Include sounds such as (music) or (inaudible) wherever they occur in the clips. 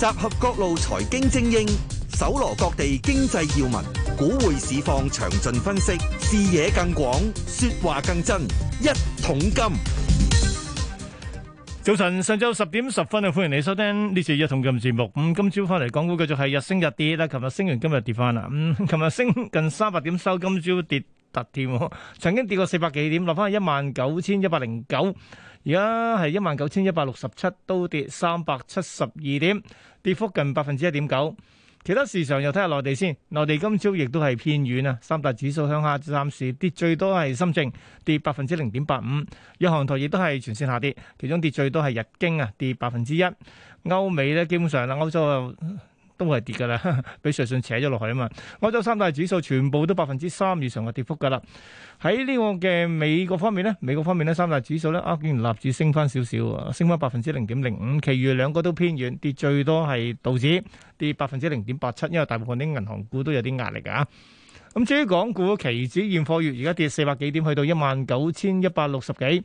集合各路財經精英，搜羅各地經濟要聞，股匯市況詳盡分析，視野更廣，說話更真。一桶金。早晨，上晝十點十分啊，歡迎你收聽《呢次一桶金》節目。咁今朝翻嚟講港股繼續係日升日跌啦，琴日升完今日跌翻啦。咁琴日升近三百點收，今朝跌突跌，曾經跌過四百幾點，落翻去一萬九千一百零九。而家係一萬九千一百六十七，19, 都跌三百七十二點，跌幅近百分之一點九。其他市場又睇下內地先，內地今朝亦都係偏軟啊。三大指數向下，暫時跌最多係深證跌百分之零點八五，日韓台亦都係全線下跌，其中跌最多係日經啊跌百分之一。歐美咧基本上啦，歐洲。都係跌噶啦，俾 (laughs) 瑞信扯咗落去啊嘛！歐洲三大指數全部都百分之三以上嘅跌幅噶啦。喺呢個嘅美國方面呢，美國方面呢，三大指數呢，啊，竟然逆市升翻少少，升翻百分之零點零五。其餘兩個都偏軟，跌最多係道指跌百分之零點八七，因為大部分啲銀行股都有啲壓力啊。咁至於港股期指現貨月，而家跌四百幾點，去到一萬九千一百六十幾，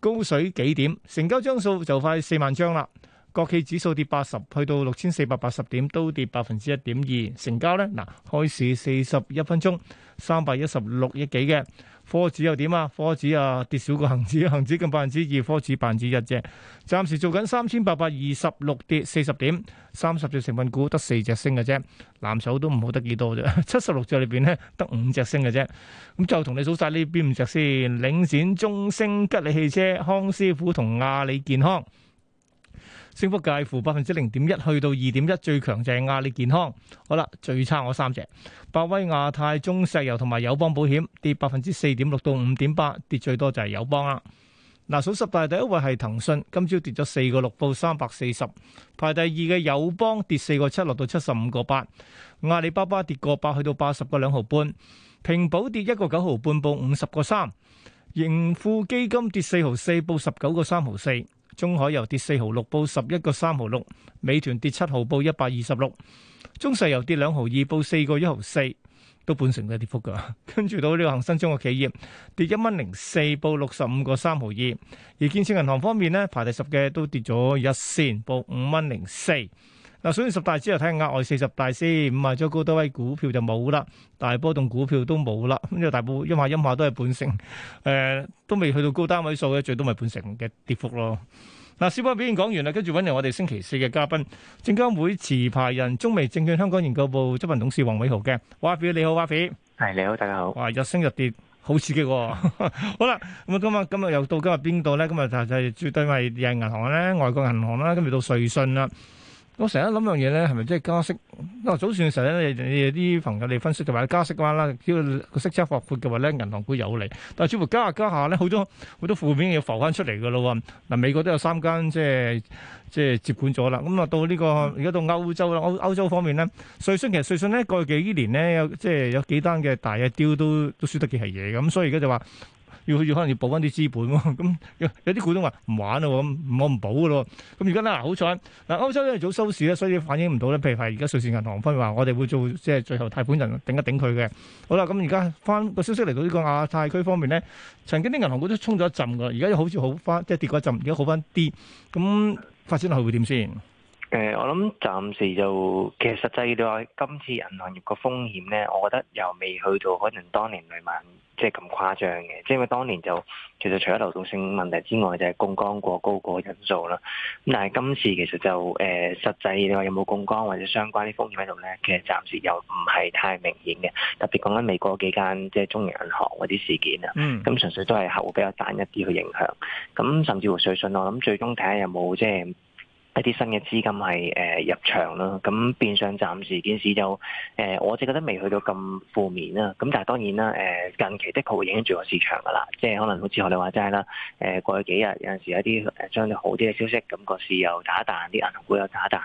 高水幾點？成交張數就快四萬張啦。國企指數跌八十，去到六千四百八十點，都跌百分之一點二。成交咧，嗱，開市四十一分鐘，三百一十六億幾嘅。科指又點啊？科指啊跌少個恒指，恒指近百分之二，科指百分之一啫。暫時做緊三千八百二十六，跌四十點，三十隻成分股得四隻升嘅啫，藍籌都唔好得幾多啫，七十六裡面呢只裡邊咧得五隻升嘅啫。咁就同你數晒呢邊五隻先，領展、中升、吉利汽車、康師傅同阿里健康。升幅介乎百分之零點一去到二點一，最強就係阿里健康。好啦，最差我三隻：百威亞太、中石油同埋友邦保險，跌百分之四點六到五點八，跌最多就係友邦啦。嗱，數十大第一位係騰訊，今朝跌咗四個六到三百四十；排第二嘅友邦跌四個七落到七十五個八；阿里巴巴跌個八去到八十個兩毫半；平保跌一個九毫半報五十個三；盈富基金跌四毫四報十九個三毫四。中海油跌四毫六，報十一個三毫六；美團跌七毫，報一百二十六；中石油跌兩毫二，報四個一毫四，都半成嘅跌幅㗎。跟 (laughs) 住到呢個恒生中國企業跌一蚊零四，報六十五個三毫二；而建設銀行方面呢，排第十嘅都跌咗一仙，報五蚊零四。嗱，所以十大之後就睇下額外四十大先，五啊，將高多位股票就冇啦，大波動股票都冇啦，咁就大波陰下音下都係半成，誒、呃，都未去到高單位數嘅，最多咪半成嘅跌幅咯。嗱、啊，小波表現講完啦，跟住揾嚟我哋星期四嘅嘉賓，證監會持牌人中微證券香港研究部執行董事黃偉豪嘅。哇比，你好哇比，係你好，大家好。哇，日升日跌，好刺激、哦。 (laughs) 好啦，咁啊，咁啊，又到今日邊度咧？今日就係絕對咪銀行咧，外國銀行啦，跟住到瑞信啦。我成日諗樣嘢咧，係咪即係加息？因為早前嘅時候咧，你你啲朋友嚟分析就話加息嘅話啦，只要個息差擴闊嘅話咧，銀行股有利。但係最近加，一加一下加下咧，好多好多負面嘢浮翻出嚟嘅咯喎。嗱，美國都有三間即係即係接管咗啦。咁啊到呢、呢個而家到歐洲啦，歐歐洲方面咧，瑞信其實瑞信咧過去幾年咧，有即係有幾單嘅大嘅雕都都輸得幾係嘢嘅。咁所以而家就話。要要可能要補翻啲資本喎，咁 (laughs) 有啲股東話唔玩啦，咁我唔補嘅咯。咁而家咧，好彩嗱歐洲咧早收市咧，所以反映唔到咧。譬如係而家瑞士銀行方面話，我哋會做即係、就是、最後貸款人頂一頂佢嘅。好啦，咁而家翻個消息嚟到呢個亞太區方面咧，曾經啲銀行股都衝咗一陣嘅，而家又好似好翻，即係跌過一陣，而家好翻啲。咁發展落去會點先？誒、呃，我諗暫時就，其實實際嚟話，今次銀行業個風險咧，我覺得又未去到可能當年雷曼即係咁誇張嘅，即係因為當年就其實除咗流動性問題之外，就係、是、槓桿過高個因素啦。咁但係今次其實就誒、呃，實際你話有冇槓桿或者相關啲風險喺度咧？其實暫時又唔係太明顯嘅，特別講緊美國幾間即係中型銀、銀行嗰啲事件啊，咁純、嗯、粹都係客戶比較淡一啲嘅影響。咁甚至乎瑞信，我諗最終睇下有冇即係。一啲新嘅資金係誒入場啦，咁變相暫時件事就誒，我只覺得未去到咁負面啦。咁但係當然啦，誒近期的確會影響住個市場㗎啦，即係可能好似我哋話齋啦，誒過去幾日有陣時有啲相對好啲嘅消息，咁個市又打彈，啲銀行股又打彈，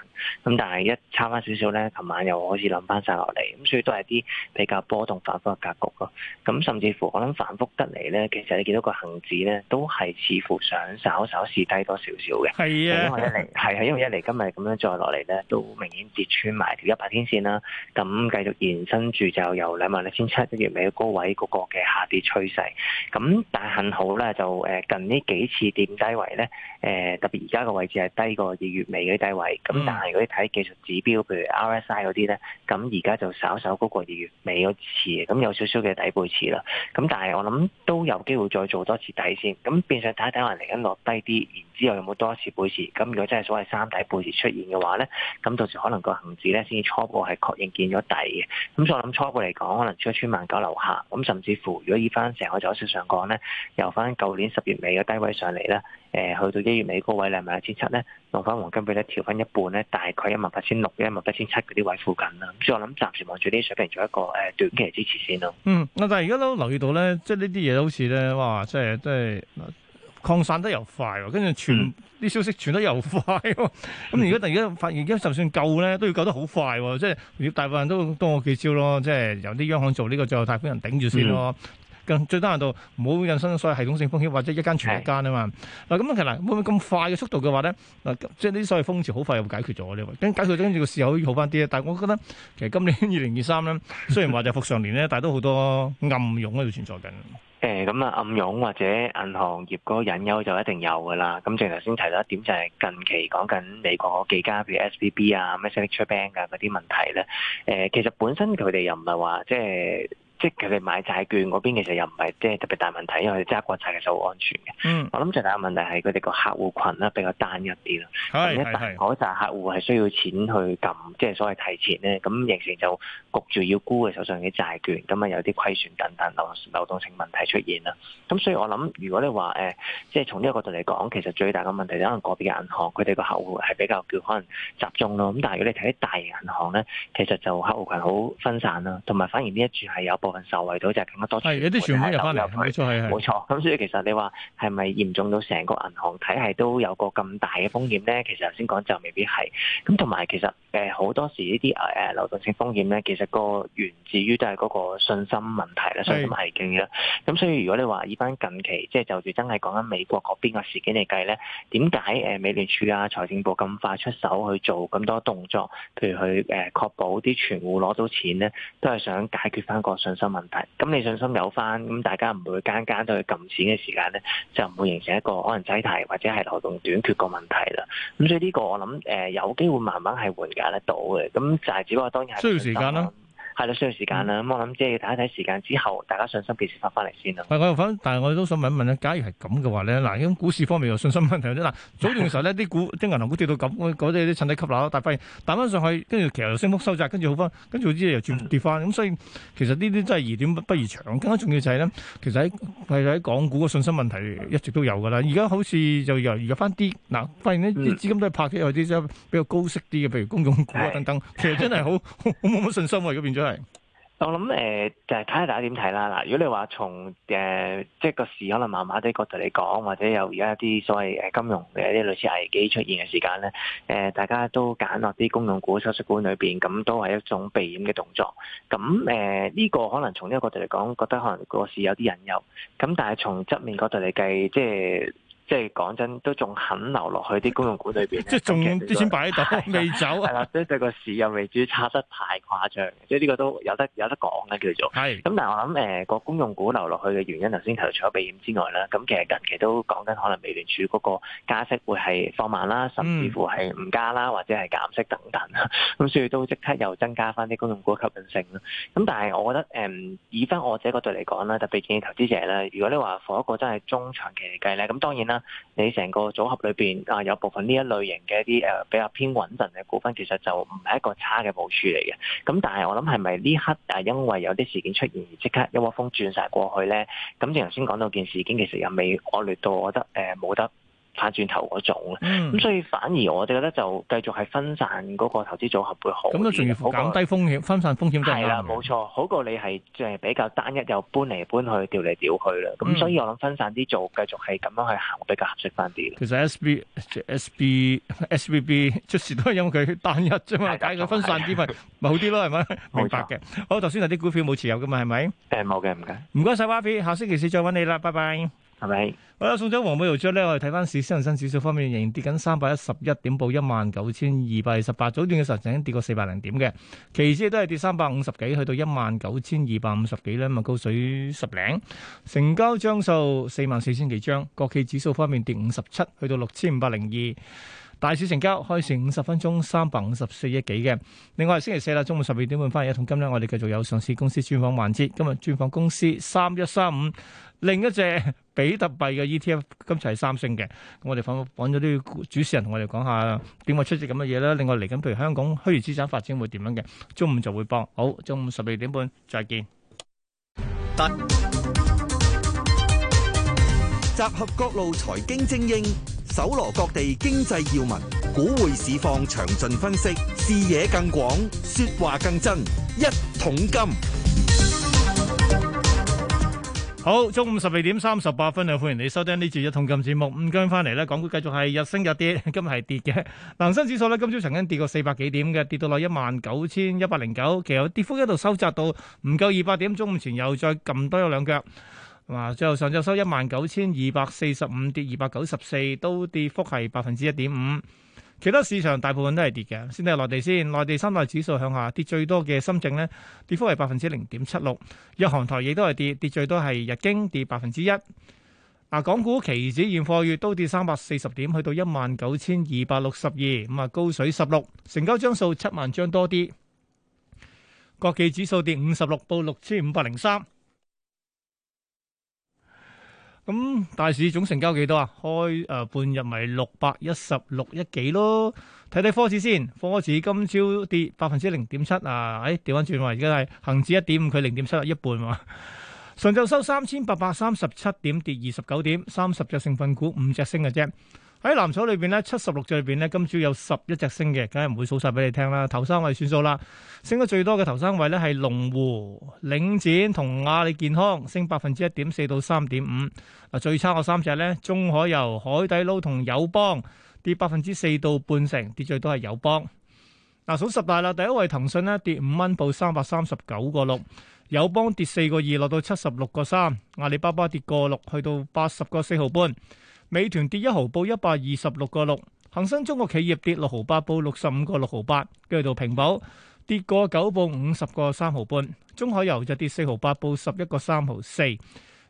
咁但係一差翻少少咧，琴晚又開始諗翻晒落嚟，咁所以都係啲比較波動反覆嘅格局咯。咁甚至乎我諗反覆得嚟咧，其實你見到個恆指咧都係似乎想稍稍試低多少少嘅，係啊，因 (laughs) 因為一嚟今日咁樣再落嚟咧，都明顯跌穿埋條一百天線啦。咁繼續延伸住就由兩萬六千七一月尾嘅位嗰個嘅下跌趨勢。咁但係幸好咧，就誒近呢幾次跌低位咧，誒特別而家嘅位置係低過二月尾嘅低位。咁但係如果睇技術指標，譬如 RSI 嗰啲咧，咁而家就稍稍高過二月尾嗰次，咁有少少嘅底背馳啦。咁但係我諗都有機會再做多次底先。咁變相睇一睇，下嚟緊落低啲，然之後有冇多一次背馳。咁如果真係所謂……三底背馳出現嘅話咧，咁到時可能個恆指咧先初步係確認見咗底嘅。咁所以我諗初步嚟講，可能出一村萬九樓下。咁甚至乎，如果以翻成個走勢上講咧，由翻舊年十月尾嘅低位上嚟咧，誒去到一月尾高位兩萬一千七咧，用翻黃金幣咧，調翻一半咧，大概一萬八千六、一萬八千七嗰啲位附近啦。所以我諗暫時望住呢啲水平做一個誒短期支持先咯。嗯，我但係而家都留意到咧，即係呢啲嘢都好似咧，哇，即係都係。擴散得又快喎，跟住傳啲消息傳得又快喎，咁而家突然間發現而家就算救咧，都要救得好快喎，即係大部份都多幾招咯，即係由啲央行做呢個最後貸款人頂住先咯。嗯。更最低限度，唔好引申所有系統性風險，或者一間傳一間啊嘛。嗱，咁問題嗱，會唔會咁快嘅速度嘅話咧？嗱，即係啲所謂風潮好快又解決咗嘅喎。跟解決咗，跟住個市又好翻啲咧。但係我覺得其實今年二零二三咧，雖然話就復上年咧，但係都好多暗湧喺度存在緊。誒，咁啊，暗湧或者銀行業嗰個隱憂就一定有噶啦。咁正如頭先提到一點，就係近期講緊美國嗰幾家譬如 SVB 啊、Metro Bank 啊嗰啲問題咧。誒，其實本身佢哋又唔係話即係。即係佢哋買債券嗰邊，其實又唔係即係特別大問題，因為揸國債其實好安全嘅。嗯，我諗最大問題係佢哋個客戶群咧比較單一啲咯。可能一大嗰扎客戶係需要錢去撳，即係所謂提前咧，咁仍然就焗住要沽佢手上嘅債券，咁啊有啲虧損等等流流動性問題出現啦。咁所以我諗，如果你話誒、呃，即係從呢個角度嚟講，其實最大嘅問題可能個別嘅銀行佢哋個客戶係比較叫可能集中咯。咁但係如果你睇啲大型銀行咧，其實就客戶群好分散咯，同埋反而呢一處係有部。受惠到就係、是、更多存款流入去，冇錯，冇錯。咁所以其實你話係咪嚴重到成個銀行體系都有個咁大嘅風險咧？其實頭先講就未必係。咁同埋其實誒好、呃、多時呢啲誒誒流動性風險咧，其實、嗰個源自於都係嗰個信心問題啦，信心係勁嘅。咁所以如果你話以返近期即係就住、是、真係講緊美國嗰邊嘅事件嚟計咧，點解誒美聯儲啊財政部咁快出手去做咁多動作，譬如去誒、呃、確保啲存戶攞到錢咧，都係想解決翻個信心。個問題，咁你信心有翻，咁大家唔會間間都去撳錢嘅時間咧，就唔會形成一個可能擠提或者係流動短缺個問題啦。咁所以呢個我諗，誒、呃，有機會慢慢係緩解得到嘅。咁就係、是、只不過當然係需要時間啦。係啦，需要時間啦。咁、嗯、我諗即係要睇一睇時間之後，大家信心幾時發翻嚟先啦。唔係、嗯，我又翻，但係我都想問一問咧。假如係咁嘅話咧，嗱，咁、嗯、股市方面有信心問題咧，嗱，早段嘅時候呢啲 (laughs) 股，啲銀行股跌到咁，嗰啲啲趁低吸但發現彈翻上去，跟住其實又升幅收窄，跟住好翻，跟住之後又轉跌翻。咁、嗯、所以其實呢啲真係疑點不不疑長。更加重要就係咧，其實喺喺港股嘅信心問題一直都有㗎啦。而家好似就又而家翻啲，嗱，發現呢啲、嗯、資金都係拍啲有啲比較高息啲嘅，譬如公用股啊、等等，嗯嗯、其實真係好好冇乜信心喎，嗰對我諗誒、呃，就係睇下大家點睇啦。嗱、呃，如果你話從誒、呃，即係個市可能麻麻地角度嚟講，或者有而家一啲所謂誒金融嘅一啲類似危機出現嘅時間咧，誒、呃，大家都揀落啲公用股、收息股裏邊，咁都係一種避險嘅動作。咁、嗯、誒，呢、呃這個可能從呢個角度嚟講，覺得可能個市有啲隱憂。咁但係從側面角度嚟計，即係。即係講真，都仲肯留落去啲公用股裏邊，即係仲啲錢擺喺度，未走。係啦、嗯，即係對個市又未至於差得太誇張，即係呢個都有得有得講嘅叫做。係咁是，但係我諗誒個公用股流落去嘅原因，頭先提除咗避險之外咧，咁其實近期都講緊可能美聯儲嗰個加息會係放慢啦，甚至乎係唔加啦，或者係減息等等啦，咁、啊、所以都即刻又增加翻啲公用股嘅吸引性啦。咁但係我覺得誒、嗯、以翻我自己角度嚟講啦，特別建議投資者咧，如果你話放一個真係中長期嚟計咧，咁當然啦。你成個組合裏邊啊，有部分呢一類型嘅一啲誒、呃、比較偏穩陣嘅股份，其實就唔係一個差嘅部署嚟嘅。咁、嗯、但係我諗係咪呢刻啊，因為有啲事件出現而即刻一窩蜂轉晒過去咧？咁、嗯、正如頭先講到件事件，其實又未惡劣到，我覺得誒冇、呃、得。翻轉頭嗰種，咁所以反而我哋覺得就繼續係分散嗰個投資組合會好。咁都仲要減低風險、分散風險都係。係啦，冇錯，好過你係即係比較單一又搬嚟搬去、調嚟調去啦。咁所以我諗分散啲做，繼續係咁樣去行比較合適翻啲。其實 S B、S B、S B B 出事都係因為佢單一啫嘛，解決分散啲咪咪好啲咯，係咪？明白嘅。好，頭先有啲股票冇持有噶嘛，係咪？誒，冇嘅，唔該。唔該晒，Wafi，下星期四再揾你啦，拜拜。係咪？嗯、好啦吧，送走黃寶瑤呢，我哋睇翻市，市，恒生指數方面仍然跌緊三百一十一點，報一萬九千二百二十八。早段嘅時候曾經跌過四百零點嘅，期指都係跌三百五十幾，去到一萬九千二百五十幾咧，咁啊高水十零。成交張數四萬四千幾張。國企指數方面跌五十七，去到六千五百零二。大市成交開成五十分鐘，三百五十四億幾嘅。另外星期四啦，中午十二點半翻嚟，一桶金咧，我哋繼續有上市公司專訪環節。今日專訪公司三一三五，另一隻比特幣嘅 ETF，今次係三星嘅。咁我哋揾揾咗啲主持人同我哋講下點解出席咁嘅嘢啦。另外嚟緊，譬如香港虛擬資產發展會點樣嘅？中午就會播。好，中午十二點半再見。但集合各路財經精英，搜羅各地經濟要聞，股匯市況詳盡分析，視野更廣，說話更真。一桶金，好，中午十二點三十八分，歡迎你收聽呢節一桶金節目。咁講翻嚟咧，港股繼續係日升日跌，今日係跌嘅。恒生指數咧，今朝曾經跌過四百幾點嘅，跌到落一萬九千一百零九，其後跌幅一度收窄到唔夠二百點，中午前又再撳多咗兩腳。哇！最後上晝收一萬九千二百四十五，跌二百九十四，都跌幅係百分之一點五。其他市場大部分都係跌嘅。先睇內地先，內地三大指數向下，跌最多嘅深證呢，跌幅係百分之零點七六。日韓台亦都係跌，跌最多係日經跌百分之一。啊，港股期指現貨月都跌三百四十點，去到一萬九千二百六十二，咁啊高水十六，成交張數七萬張多啲。國企指數跌五十六到六千五百零三。咁、嗯、大市總成交幾多啊？開誒、呃、半日咪六百一十六億幾咯？睇睇科指先，科指今朝跌百分之零點七啊！誒調返轉話，而家係恒指一點五，佢零點七，一半喎。上晝收三千八百三十七點，跌二十九點，三十隻成分股五隻升嘅啫。喺藍籌裏邊呢，七十六隻裏邊呢，今朝有十一隻升嘅，梗係唔會數晒俾你聽啦。頭三位算數啦，升得最多嘅頭三位呢，係龍湖、領展同阿里健康，升百分之一點四到三點五。嗱，最差嗰三隻呢，中海油、海底撈同友邦跌百分之四到半成，跌最多係友邦。嗱，數十大啦，第一位騰訊呢，跌五蚊，報三百三十九個六。友邦跌四個二，落到七十六個三。阿里巴巴跌個六，去到八十個四毫半。美團跌一毫報一百二十六個六，恒生中國企業跌六毫八報六十五個六毫八，繼續到平保跌個九報五十個三毫半，中海油就跌四毫八報十一個三毫四，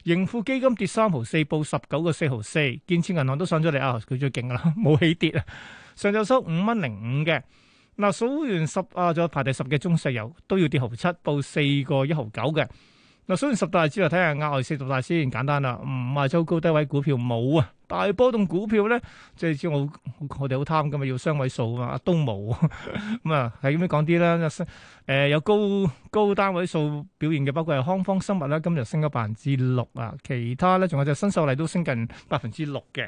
盈富基金跌三毫四報十九個四毫四，建設銀行都上咗嚟啊，佢最勁啦，冇起跌啊，上晝收五蚊零五嘅。嗱，數完十啊，再排第十嘅中石油都要跌毫七報四個一毫九嘅。嗱，雖然十大之後睇下額外四十大先，簡單啦。唔係抽高低位股票冇啊，大波動股票咧，即係知我我哋好貪噶嘛，要雙位數啊，都冇咁啊，係咁樣講啲啦。誒、呃，有高高單位數表現嘅，包括係康方生物啦，今日升咗百分之六啊，其他咧仲有隻新秀麗都升近百分之六嘅。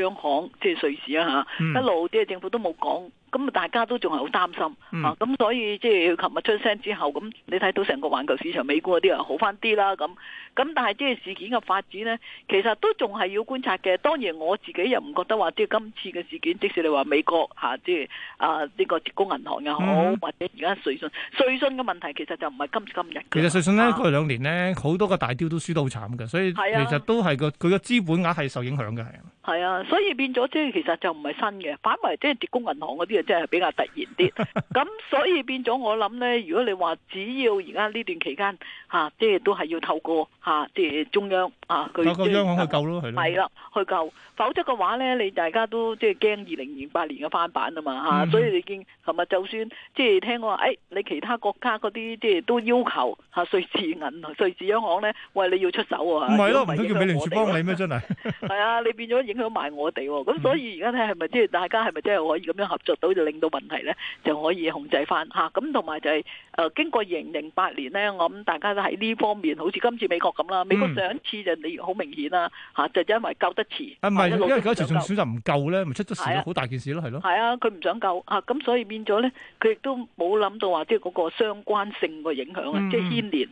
央行即係瑞士啊吓、嗯、一路即係政府都冇講。咁大家都仲係好擔心啊！咁所以即係琴日出聲之後，咁你睇到成個環球市場美股嗰啲啊好返啲啦咁。咁但係即係事件嘅發展呢，其實都仲係要觀察嘅。當然我自己又唔覺得話即係今次嘅事件，即使你話美國嚇即係啊呢個矽谷銀行又好，或者而家瑞信、瑞信嘅問題其實就唔係今時今日，其實瑞信呢，佢兩年呢，好多個大雕都輸得好慘㗎，所以其實都係個佢嘅資本額係受影響嘅，係啊。所以變咗即係其實就唔係新嘅，反為即係矽谷銀行嗰啲即係比較突然啲，咁所以變咗我諗咧，如果你話只要而家呢段期間吓，即係都係要透過吓，即係中央。 (noise) (noise) 啊！佢個央行去救咯，係啦，去救，否則嘅話咧，你大家都即係驚二零零八年嘅翻版啊嘛吓！所以你見琴日就算即係聽我話，誒，你其他國家嗰啲即係都要求吓瑞士銀行、瑞士央行咧，喂，你要出手啊！唔係咯，唔通要美聯儲幫你咩？真係係啊！你變咗影響埋我哋，咁所以而家睇係咪即係大家係咪真係可以咁樣合作到，就令到問題咧就可以控制翻吓？咁同埋就係誒，經過零零八年咧，我諗大家都喺呢方面，好似今次美國咁啦，美國上一次就。你好明顯啦，嚇就是、因為救得遲。啊，唔係，因為嗰時仲少就唔救咧，咪出咗事咯，好大件事咯，係咯。係啊，佢唔、啊、想救，嚇、啊、咁所以變咗咧，佢亦都冇諗到話即係嗰個相關性嘅影響啊，嗯、即係牽連。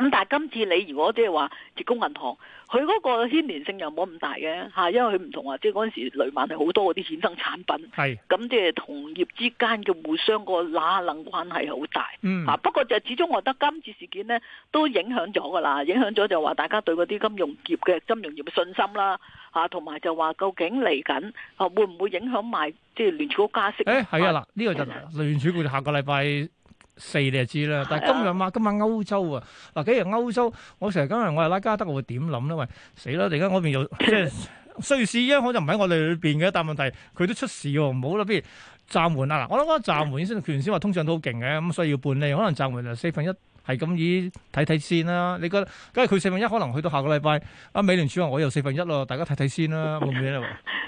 咁但係今次你如果即係話，直工銀行佢嗰個牽連性又冇咁大嘅，嚇、啊，因為佢唔同話，即係嗰陣時雷曼係好多嗰啲衍生產品，係咁即係同業之間嘅互相個拉冷關係好大。嗯、啊不過就始終我覺得今次事件呢都影響咗噶啦，影響咗就話大家對嗰啲金融業嘅金融業嘅信心啦，嚇同埋就話究竟嚟緊啊會唔會影響埋即係聯儲局加息？誒係、欸、啊啦，呢、呢個就聯儲局下個禮拜。四你就知啦，啊、但係今日嘛，今日歐洲啊，嗱，既日歐洲，我成日今日我係拉加德，我會點諗咧？喂，死啦！而家我邊又即係瑞士啊！ (laughs) 央行就我就唔喺我哋裏邊嘅，但問題，佢都出事喎，唔好啦，不如暫緩啊！嗱，我諗講暫緩先，權先話通脹都好勁嘅，咁所以要半厘，可能暫緩就四分一。係咁，以睇睇先啦。你覺得，梗係佢四分一，可能去到下個禮拜。啊，美聯儲話我又四分一咯，大家睇睇先啦，會唔會咧。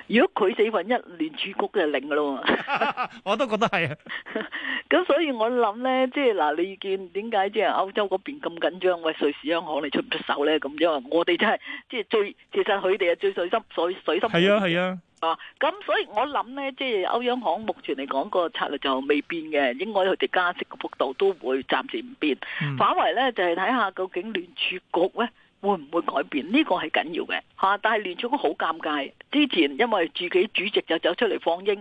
如果佢四分一，聯儲局就零噶咯。我都覺得係。咁所以我諗咧，即係嗱，你見點解即係歐洲嗰邊咁緊張？喂，瑞士央行你出唔出手咧？咁樣我哋真係即係最，其實佢哋係最水深，所以水深。係啊係啊。啊，咁所以我諗咧，即係歐央行目前嚟講，個策略就未變嘅，應該佢哋加息嘅幅度都會暫時唔變。反為咧就係睇下究竟聯儲局咧會唔會改變？呢個係緊要嘅吓。但係聯儲局好尷尬，之前因為自己主席就走出嚟放鷹，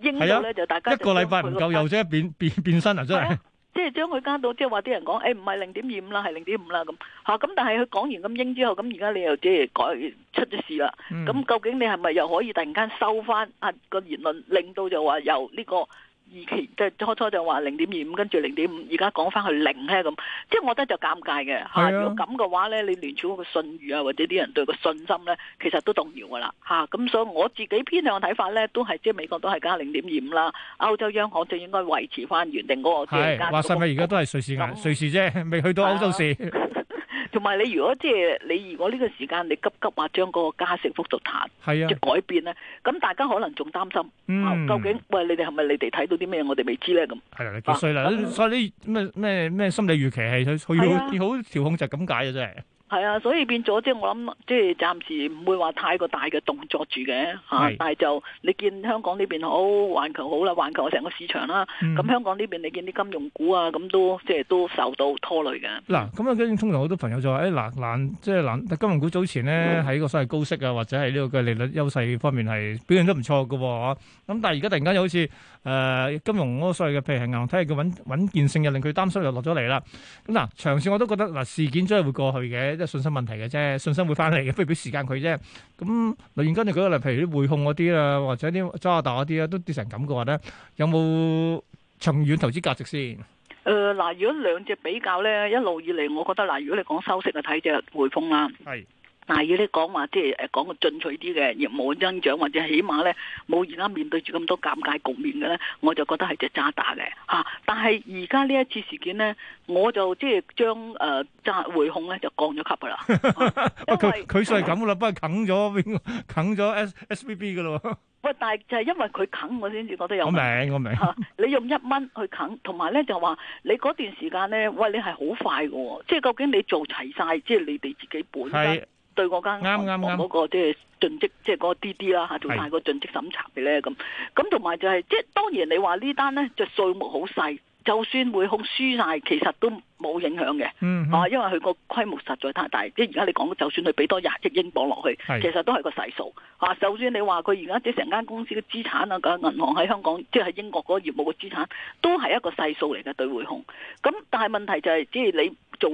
鷹咧就大家一個禮拜唔夠又即係變變變身啊真係。即係將佢加到，即係話啲人講，誒唔係零點二五啦，係零點五啦咁吓。咁但係佢講完咁應之後，咁而家你又即係改出咗事啦。咁、嗯、究竟你係咪又可以突然間收返啊個言論，令到就話由呢、呢個？二期即係初初就話零點二五，跟住，零點五，而家講翻去零咧，咁，即係我覺得就尷尬嘅吓。啊啊、如果咁嘅話咧，你聯儲嗰個信譽啊，或者啲人對個信心咧，其實都動搖噶啦吓。咁、啊、所以我自己偏向嘅睇法咧，都係即係美國都係加零點二五啦，歐洲央行就應該維持翻原定嗰、那個嘅。係是、那個、話晒咪而家都係瑞士眼，瑞士啫，未去到歐洲市。是啊 (laughs) 同埋你如果即係你如果呢個時間你急急啊，將嗰個加成幅度彈，即係改變咧，咁、啊、大家可能仲擔心，嗯、究竟喂你哋係咪你哋睇到啲咩？我哋未知咧咁係啦，你過衰啦，所以你咩咩咩心理預期係佢佢要好調的控就咁解嘅啫。係啊，所以變咗即係我諗，即係暫時唔會話太過大嘅動作住嘅嚇，啊、是但係就你見香港呢邊好，環球好啦，環球成個市場啦，咁、嗯、香港呢邊你見啲金融股啊，咁都即係都受到拖累嘅。嗱，咁啊，跟住通常好多朋友就話，誒、哎、嗱，難即係難，金融股早前咧喺、嗯、個所謂高息啊，或者係呢個嘅利率優勢方面係表現得唔錯㗎喎，咁、啊、但係而家突然間又好似。誒，金融嗰所有嘅，譬如係銀行體系嘅穩穩健性又令佢擔心，又落咗嚟啦。咁嗱，長線我都覺得嗱，事件真係會過去嘅，即係信心問題嘅啫，信心會翻嚟嘅，不如俾時間佢啫。咁，突然間就舉例，譬如啲匯控嗰啲啦，或者啲渣打嗰啲啦，都跌成咁嘅話咧，有冇長遠投資價值先？誒，嗱，如果兩隻比較咧，一路以嚟，我覺得嗱，如果你講收息啊，睇隻匯豐啦，係。但係如果你講話即係誒講個進取啲嘅業務增長，或者起碼咧冇而家面對住咁多尷尬局面嘅咧，我就覺得係隻渣打嘅嚇、啊。但係而家呢一次事件咧，我就即係將誒渣匯控咧就降咗級噶啦、啊，因佢算以係咁啦，不過啃咗邊啃咗 S、 (laughs) 啊、S V B 嘅咯。喂，但係就係因為佢啃，我先至覺得有名我。我明，我明、啊。你用一蚊去啃，同埋咧就話你嗰段時間咧，喂、哎，你係好快嘅喎，即係究竟你做齊晒，即、就、係、是、你哋自己本對嗰間啱啱嗰個即係盡職，即係嗰個滴 D 啦吓做曬個盡職審查嘅咧咁，咁同埋就係，即係當然你話呢單咧，就數目好細，就算每空輸曬，其實都。冇影響嘅，啊、嗯嗯， (noise) 因為佢個規模實在太大，即係而家你講，就算佢俾多廿億英鎊落去，其實都係個細數。是啊，就算你話佢而家即成間公司嘅資產啊，嗰銀行喺香港，即係英國嗰個業務嘅資產，都係一個細數嚟嘅對匯控。咁但係問題就係、是，即係你做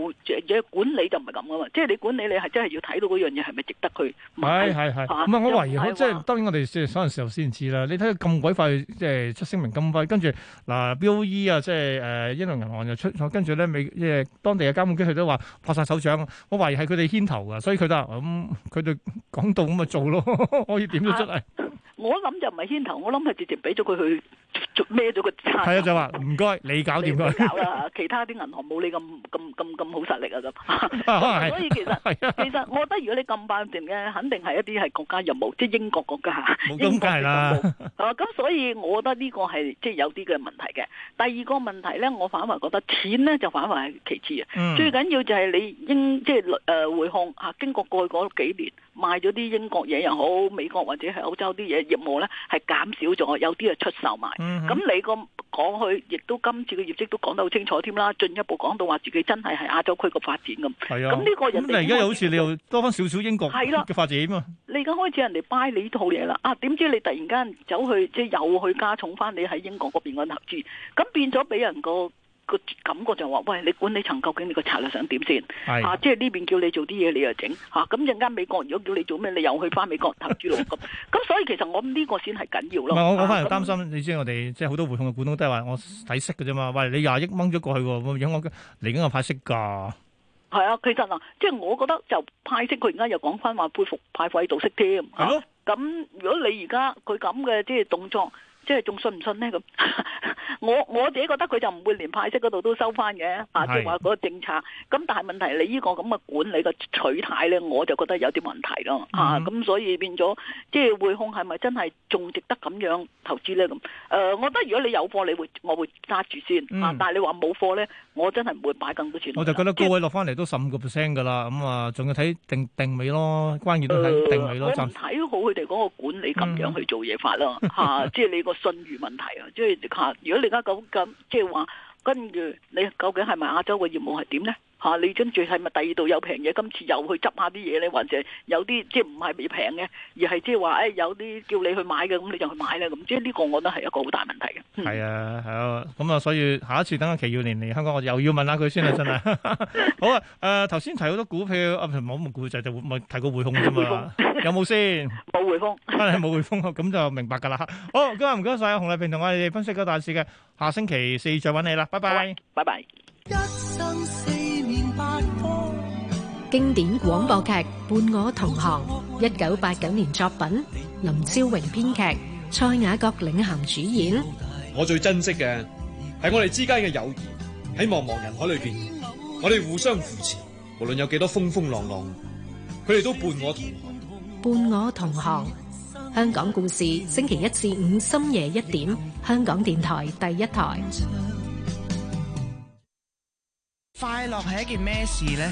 管理就唔係咁噶嘛，即係你管理你係真係要睇到嗰樣嘢係咪值得去。係係係，唔係、啊、麼我懷疑即係當然我哋説嗰陣時候先知啦。你睇咁鬼快，即係出聲明咁快，跟住嗱 B O E 啊，即係誒英倫銀行又出，跟住咧美。耶！Yeah, 當地嘅監控機佢都話拍晒手掌，我懷疑係佢哋牽頭㗎，所以佢都話咁佢哋講到咁咪做咯， (laughs) 可以點咗出嚟。啊。我諗就唔係牽頭，我諗係直接俾咗佢去孭咗個差。係啊，就話唔該，你搞掂佢。你搞啦，其他啲銀行冇你咁咁咁咁好實力啊咁。所以其實其實我覺得如果你咁辦掂嘅，肯定係一啲係國家任務，即係英國國家。咁梗係啦。啊，咁所以我覺得呢個係即係有啲嘅問題嘅。第二個問題咧，我反而覺得錢咧就反而係其次啊。最緊要就係你英即係誒匯控吓，經過過去嗰幾年賣咗啲英國嘢又好，美國或者係歐洲啲嘢，業務咧係減少咗，有啲係出售埋。咁、嗯、哼你個講去，亦都今次嘅業績都講得好清楚添啦。進一步講到話自己真係係亞洲區嘅發展咁。係啊的，咁呢個人而家又好似你又多翻少少英國嘅發展啊。你而家開始人哋 buy 你呢套嘢啦，啊點知你突然間走去即係又去加重翻你喺英國嗰邊嘅投資，咁變咗俾人個個感覺就話，喂，你管理層究竟你個策略想點先？係啊，即係呢邊叫你做啲嘢，你又整吓，咁陣間美國如果叫你做咩，你又去翻美國投資咯咁。咁所以其實我呢個先係緊要咯。唔係，我我反而擔心，你知我哋即係好多匯控嘅股東都係話，我睇息嘅啫嘛。喂，你廿億掹咗過去，如果嚟緊又派息噶？係啊，其實嗱，即係我覺得就派息，佢而家又講翻話佩服派費度息添。係咯，咁如果你而家佢咁嘅即係動作。即係仲信唔信咧咁？ (laughs) 我我自己覺得佢就唔會連派息嗰度都收翻嘅嚇，即係話嗰個政策。咁但係問題你呢個咁嘅管理嘅取態咧，我就覺得有啲問題咯嚇。咁、啊嗯、所以變咗即係匯控係咪真係仲值得咁樣投資咧咁？誒、啊，我覺得如果你有貨，你會我會揸住先啊。但係你話冇貨咧？我真係唔會擺更多錢。我就覺得高位落翻嚟都十五個 percent 噶啦，咁啊，仲、就是嗯、要睇定定味咯，關鍵都係定味咯。就睇，呃、好佢哋嗰個管理咁樣去做嘢法咯吓，即係你個信譽問題啊！即係如果你而家咁咁，即係話跟住你究竟係咪亞洲嘅業務係點咧？啊你跟住係咪第二度有平嘢？今次又去執下啲嘢咧，或者有啲即係唔係平嘅，而係即係話誒有啲叫你去買嘅，咁你就去買啊！咁即係呢個我覺得係一個好大問題嘅。係啊，係啊，咁啊，所以下一次等阿祁耀年嚟香港，我又要問下佢先啦，真係。好啊，誒頭先提好多股票，冇乜股就就提過個匯控啫嘛，有冇先？冇匯豐，真係冇匯豐啊！咁就明白㗎啦。好，今日唔該曬洪麗萍同我哋分析個大市嘅，下星期四再揾你啦，拜拜，拜拜。經典廣播劇《伴我同行》，一九八九年作品，林超榮編劇，蔡雅各領銜主演。我最珍惜嘅係我哋之間嘅友誼，喺茫茫人海裏邊，我哋互相扶持，無論有幾多風風浪浪，佢哋都伴我同行。伴我同行，香港故事，星期一至五深夜一點，香港電台第一台。快樂係一件咩事咧？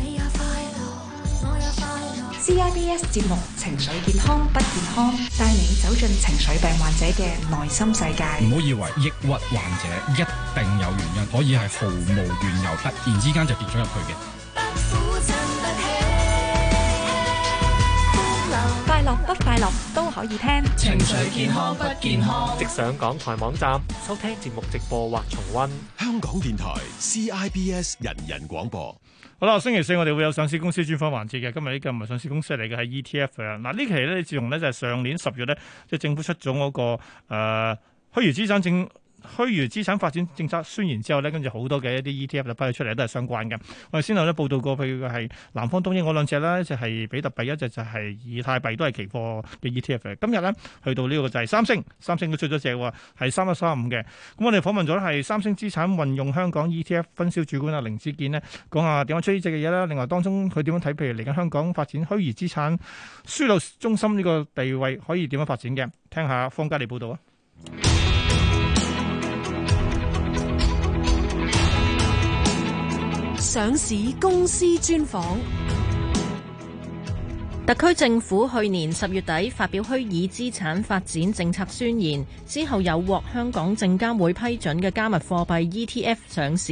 你也快樂，我也快樂。CIBS 節目情緒健康不健康，帶你走進情緒病患者嘅內心世界。唔好以為抑鬱患者一定有原因，可以係毫無緣由突然之間就跌咗入去嘅。都可以聽情緒健康不健康，直上港台網站收聽節目直播或重溫香港電台 C I B S 人人廣播。好啦，星期四我哋會有上市公司專訪環節嘅，今日呢個唔係上市公司嚟嘅，係 E T F 嚟嘅。嗱，啊，呢期咧自從咧就係上年十月咧，即係政府出咗嗰個誒虛擬資產證。呃虛擬資產發展政策宣言之後咧，跟住好多嘅一啲 ETF 就批咗出嚟，都係相關嘅。我哋先後咧報道過，譬如係南方東英嗰兩隻咧，一隻係比特幣，一隻就係以太幣，都係期貨嘅 ETF 嚟。今日咧去到呢個就係三星，三星都出咗隻喎，係三一三五嘅。咁我哋訪問咗係三星資產運用香港 ETF 分銷主管阿凌志健呢，講下點樣出呢隻嘅嘢啦。另外當中佢點樣睇，譬如嚟緊香港發展虛擬資產輸入中心呢個地位，可以點樣發展嘅？聽下方家利報道啊！上市公司專訪。特區政府去年十月底發表虛擬資產發展政策宣言之後，有獲香港證監會批准嘅加密貨幣 ETF 上市，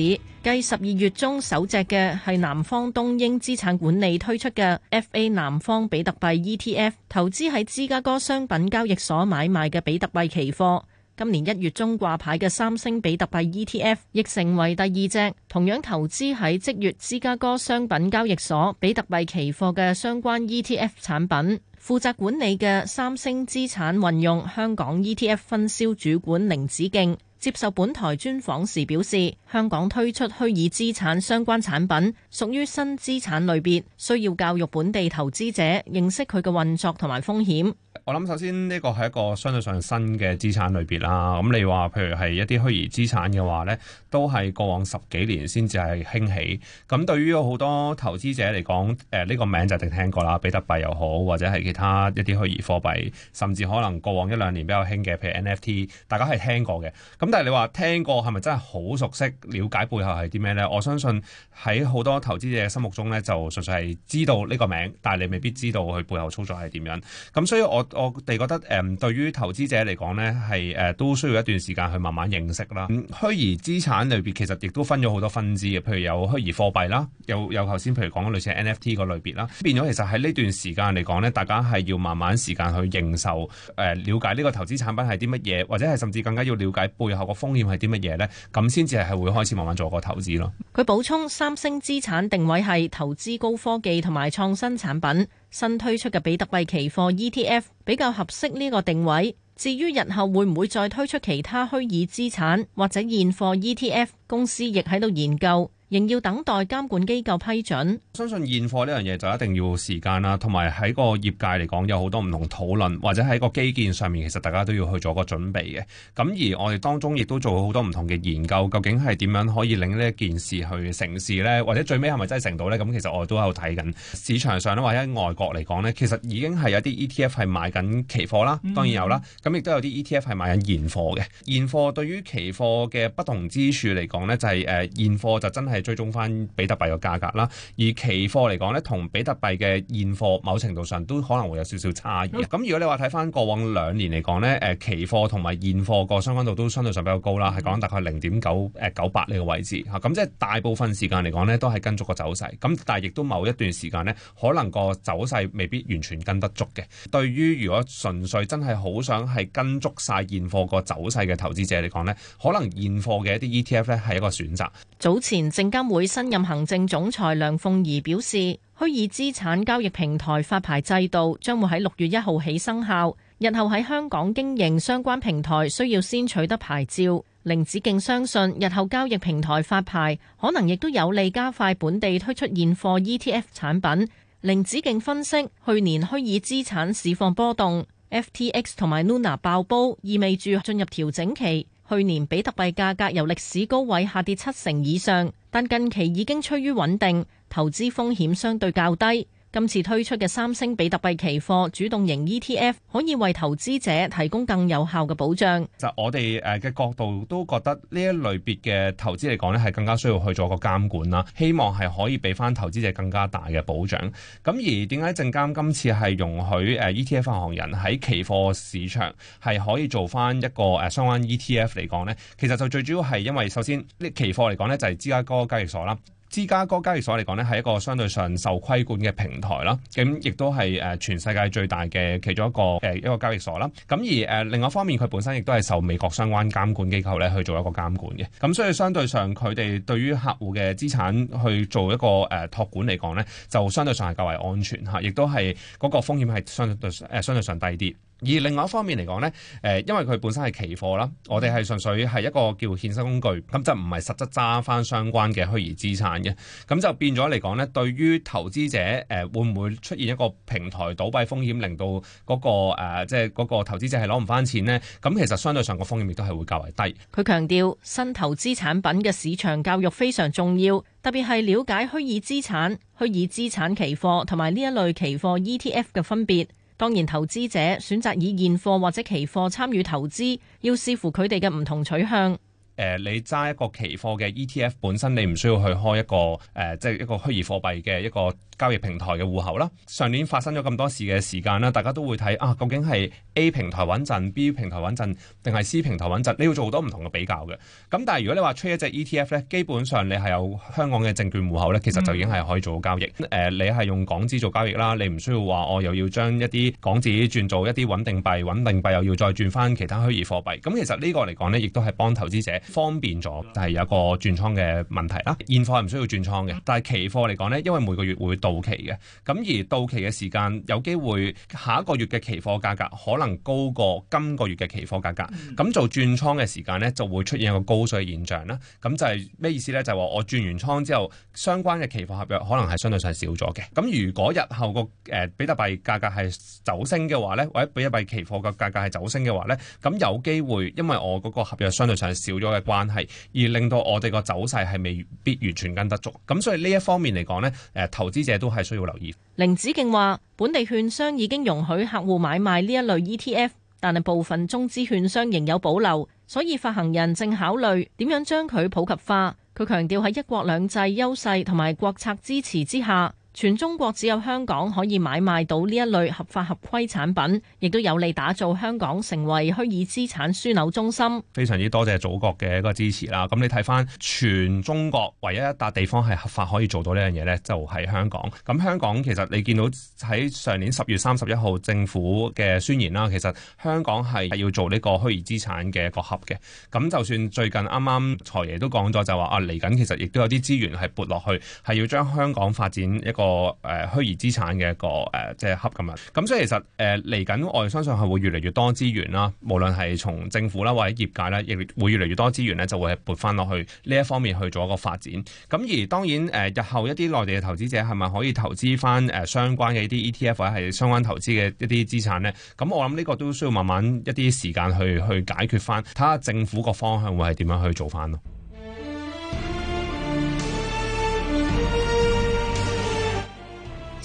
繼十二月中首隻嘅係南方東英資產管理推出嘅 FA 南方比特幣 ETF，投資喺芝加哥商品交易所買賣嘅比特幣期貨。今年一月中掛牌嘅三星比特幣 ETF，亦成為第二隻同樣投資喺即月芝加哥商品交易所比特幣期貨嘅相關 ETF 產品。負責管理嘅三星資產運用香港 ETF 分銷主管寧子敬接受本台專訪時表示，香港推出虛擬資產相關產品，屬於新資產類別，需要教育本地投資者認識佢嘅運作同埋風險。我諗首先呢個係一個相對上新嘅資產類別啦。咁你話譬如係一啲虛擬資產嘅話呢，都係過往十幾年先至係興起。咁對於好多投資者嚟講，誒呢個名就一定聽過啦。比特幣又好，或者係其他一啲虛擬貨幣，甚至可能過往一兩年比較興嘅，譬如 NFT，大家係聽過嘅。咁但係你話聽過係咪真係好熟悉、了解背後係啲咩呢？我相信喺好多投資者心目中呢，就純粹係知道呢個名，但係你未必知道佢背後操作係點樣。咁所以我。我哋覺得誒，對於投資者嚟講呢，係誒都需要一段時間去慢慢認識啦。虛擬資產裏邊其實亦都分咗好多分支嘅，譬如有虛擬貨幣啦，有有頭先譬如講類似 NFT 個類別啦。變咗其實喺呢段時間嚟講呢，大家係要慢慢時間去認受誒，了解呢個投資產品係啲乜嘢，或者係甚至更加要了解背後個風險係啲乜嘢呢？咁先至係會開始慢慢做個投資咯。佢補充，三星資產定位係投資高科技同埋創新產品。新推出嘅比特幣期貨 ETF 比較合適呢個定位。至於日後會唔會再推出其他虛擬資產，或者現貨 ETF，公司亦喺度研究。仍要等待監管機構批准。相信現貨呢樣嘢就一定要時間啦，同埋喺個業界嚟講有好多唔同討論，或者喺個基建上面，其實大家都要去做個準備嘅。咁而我哋當中亦都做好多唔同嘅研究，究竟係點樣可以令呢一件事去成事咧？或者最尾係咪真係成到咧？咁其實我哋都有睇緊市場上咧，或者外國嚟講咧，其實已經係有啲 ETF 係買緊期貨啦，當然有啦。咁亦都有啲 ETF 係買緊現貨嘅。現貨對於期貨嘅不同之處嚟講咧，就係、是、誒現貨就真係。係追蹤翻比特幣個價格啦，而期貨嚟講咧，同比特幣嘅現貨，某程度上都可能會有少少差異。咁、嗯、如果你話睇翻過往兩年嚟講咧，誒期貨同埋現貨個相關度都相對上比較高啦，係講、嗯、大概零點九誒九八呢個位置吓，咁、嗯嗯、即係大部分時間嚟講咧都係跟足個走勢，咁但係亦都某一段時間咧，可能個走勢未必完全跟得足嘅。對於如果純粹真係好想係跟足晒現貨個走勢嘅投資者嚟講咧，可能現貨嘅一啲 ETF 咧係一個選擇。早前正證監會新任行政總裁梁鳳儀表示，虛擬資產交易平台發牌制度將會喺六月一號起生效，日後喺香港經營相關平台需要先取得牌照。凌子敬相信，日後交易平台發牌可能亦都有利加快本地推出現貨 ETF 產品。凌子敬分析，去年虛擬資產市況波動，FTX 同埋 Luna 爆煲，意味住進入調整期。去年比特幣價格由歷史高位下跌七成以上，但近期已經趨於穩定，投資風險相對較低。今次推出嘅三星比特幣期貨主動型 ETF，可以為投資者提供更有效嘅保障。就我哋誒嘅角度都覺得呢一類別嘅投資嚟講咧，係更加需要去做個監管啦。希望係可以俾翻投資者更加大嘅保障。咁而點解證監今次係容許誒 ETF 發行人喺期貨市場係可以做翻一個誒相關 ETF 嚟講呢？其實就最主要係因為首先呢期貨嚟講呢，就係芝加哥交易所啦。芝加哥交易所嚟講呢係一個相對上受規管嘅平台啦，咁亦都係誒全世界最大嘅其中一個誒一個交易所啦。咁而誒另外一方面，佢本身亦都係受美國相關監管機構咧去做一個監管嘅。咁所以相對上佢哋對於客戶嘅資產去做一個誒託管嚟講呢就相對上係較為安全嚇，亦都係嗰個風險係相對誒相對上低啲。而另外一方面嚟講，呢誒，因為佢本身係期貨啦，我哋係純粹係一個叫衍生工具，咁就唔係實質揸翻相關嘅虛擬資產嘅。咁就變咗嚟講，呢對於投資者誒會唔會出現一個平台倒閉風險令到嗰個誒，即係嗰個投資者係攞唔翻錢呢，咁其實相對上個風險亦都係會較為低。佢強調新投資產品嘅市場教育非常重要，特別係了解虛擬資產虛擬資產期貨同埋呢一類期貨 ETF 嘅分別。當然，投資者選擇以現貨或者期貨參與投資，要視乎佢哋嘅唔同取向。呃，你揸一個期貨嘅 ETF 本身，你唔需要去開一個誒，呃，即係一個虛擬貨幣嘅一個。交易平台嘅戶口啦，上年發生咗咁多事嘅時間啦，大家都會睇啊，究竟係 A 平台穩陣、B 平台穩陣，定係 C 平台穩陣？你要做好多唔同嘅比較嘅。咁但係如果你話出一隻 ETF 咧，基本上你係有香港嘅證券戶口咧，其實就已經係可以做到交易。誒、呃，你係用港紙做交易啦，你唔需要話我又要將一啲港紙轉做一啲穩定幣，穩定幣又要再轉翻其他虛擬貨幣。咁其實呢個嚟講呢，亦都係幫投資者方便咗，就係、是、有一個轉倉嘅問題啦。現貨係唔需要轉倉嘅，但係期貨嚟講呢，因為每個月會。到期嘅，咁而到期嘅時間有機會下一個月嘅期貨價格可能高過今個月嘅期貨價格，咁、嗯、做轉倉嘅時間咧就會出現一個高水嘅現象啦。咁就係咩意思咧？就係、是、話我轉完倉之後相關嘅期貨合約可能係相對上少咗嘅。咁如果日後個誒比特幣價格係走升嘅話咧，或者比特幣期貨嘅價格係走升嘅話咧，咁有機會，因為我嗰個合約相對上少咗嘅關係，而令到我哋個走勢係未必完全跟得足。咁所以呢一方面嚟講咧，誒投資者。都係需要留意。凌子敬話，本地券商已經容許客戶買賣呢一類 ETF，但係部分中資券商仍有保留，所以發行人正考慮點樣將佢普及化。佢強調喺一國兩制優勢同埋國策支持之下。全中國只有香港可以買賣到呢一類合法合規產品，亦都有利打造香港成為虛擬資產樞紐中心。非常之多謝祖國嘅一個支持啦。咁你睇翻全中國唯一一笪地方係合法可以做到呢樣嘢呢，就係香港。咁香港其實你見到喺上年十月三十一號政府嘅宣言啦，其實香港係要做呢個虛擬資產嘅一個合嘅。咁就算最近啱啱財爺都講咗，就話啊嚟緊其實亦都有啲資源係撥落去，係要將香港發展一個。個誒、呃、虛擬資產嘅一個誒、呃、即係 hub 咁樣，咁所以其實誒嚟緊我哋相信係會越嚟越多資源啦，無論係從政府啦或者業界啦,亦會越嚟越多資源咧就會係撥翻落去呢一方面去做一個發展。咁而當然誒、呃、日後一啲內地嘅投資者係咪可以投資翻誒、呃、相關嘅一啲 ETF 或者係相關投資嘅一啲資產咧？咁我諗呢個都需要慢慢一啲時間去去解決翻，睇下政府個方向會係點樣去做翻咯。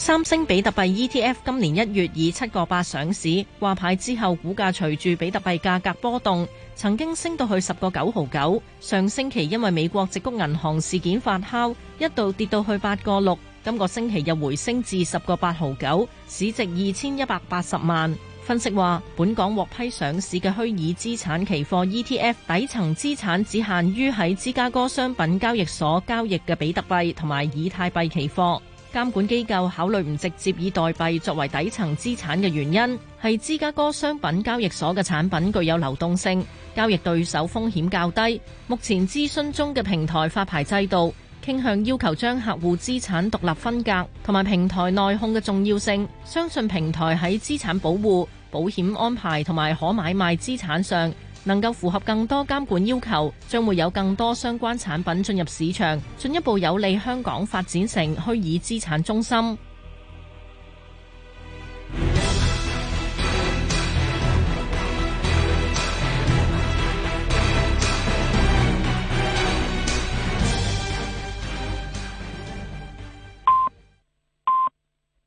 三星比特幣 ETF 今年一月以七個八上市，掛牌之後股價隨住比特幣價格波動，曾經升到去十個九毫九。上星期因為美國矽谷銀行事件發酵，一度跌到去八個六。今、這個星期又回升至十個八毫九，市值二千一百八十萬。分析話，本港獲批上市嘅虛擬資產期貨 ETF，底層資產只限於喺芝加哥商品交易所交易嘅比特幣同埋以太幣期貨。監管機構考慮唔直接以代幣作為底層資產嘅原因，係芝加哥商品交易所嘅產品具有流動性，交易對手風險較低。目前諮詢中嘅平台發牌制度傾向要求將客戶資產獨立分隔，同埋平台內控嘅重要性。相信平台喺資產保護、保險安排同埋可買賣資產上，能夠符合更多監管要求，將會有更多相關產品進入市場，進一步有利香港發展成虛擬資產中心。